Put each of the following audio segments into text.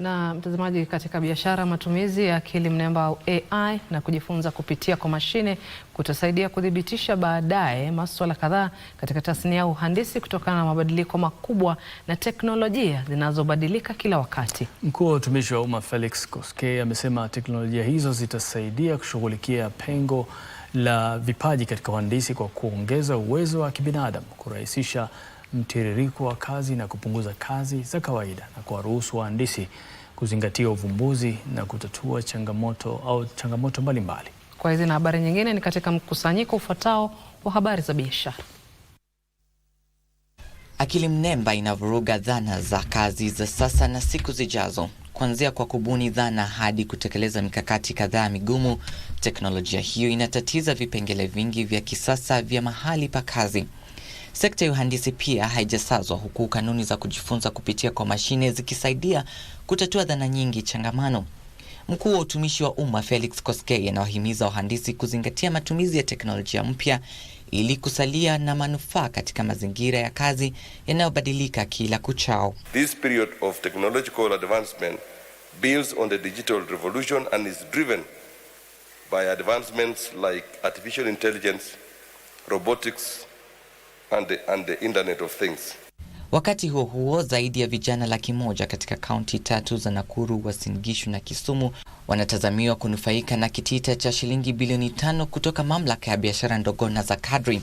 Na mtazamaji, katika biashara, matumizi ya akili mnemba au AI na kujifunza kupitia kwa mashine kutasaidia kuthibitisha baadaye masuala kadhaa katika tasnia ya uhandisi kutokana na mabadiliko makubwa na teknolojia zinazobadilika kila wakati. Mkuu wa utumishi wa umma Felix Koskei amesema teknolojia hizo zitasaidia kushughulikia pengo la vipaji katika uhandisi kwa kuongeza uwezo wa kibinadamu, kurahisisha mtiririko wa kazi na kupunguza kazi za kawaida na kuwaruhusu wahandisi kuzingatia uvumbuzi na kutatua changamoto au changamoto mbalimbali. Kwa hizi na habari nyingine ni katika mkusanyiko ufuatao wa habari za biashara. Akili mnemba inavuruga dhana za kazi za sasa na siku zijazo, kuanzia kwa kubuni dhana hadi kutekeleza mikakati kadhaa migumu. Teknolojia hiyo inatatiza vipengele vingi vya kisasa vya mahali pa kazi. Sekta ya uhandisi pia haijasazwa, huku kanuni za kujifunza kupitia kwa mashine zikisaidia kutatua dhana nyingi changamano. Mkuu wa utumishi wa umma Felix Koskei anawahimiza wahandisi kuzingatia matumizi ya teknolojia mpya ili kusalia na manufaa katika mazingira ya kazi yanayobadilika kila kuchao. This period of technological advancement builds on the digital revolution and is driven by advancements like artificial intelligence, robotics, and the, and the Internet of Things. Wakati huo huo, zaidi ya vijana laki moja katika kaunti tatu za Nakuru, Uasin Gishu na Kisumu wanatazamiwa kunufaika na kitita cha shilingi bilioni tano kutoka mamlaka ya biashara ndogo na za kadri.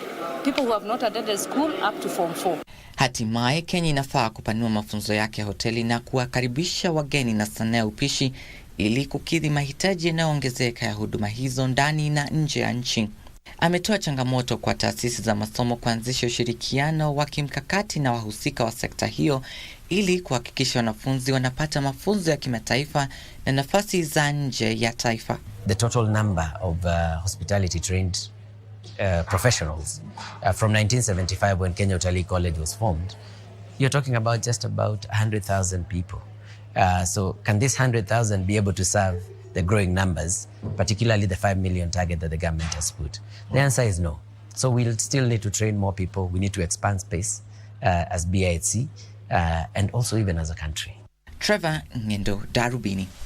people who have not attended school up to form 4. Hatimaye Kenya inafaa kupanua mafunzo yake ya hoteli na kuwakaribisha wageni na sanaa ya upishi ili kukidhi mahitaji yanayoongezeka ya huduma hizo ndani na nje ya nchi. Ametoa changamoto kwa taasisi za masomo kuanzisha ushirikiano wa kimkakati na wahusika wa sekta hiyo ili kuhakikisha wanafunzi wanapata mafunzo ya kimataifa na nafasi za nje ya taifa. The total number of, uh, hospitality trained Uh, professionals uh, from 1975 when Kenya Utalii College was formed, you're talking about just about 100,000 people. Uh, so can this 100,000 be able to serve the growing numbers, particularly the 5 million target that the government has put? The answer is no. So we'll still need to train more people. We need to expand space uh, as BIHC uh, and also even as a country. Trevor Ngendo Darubini.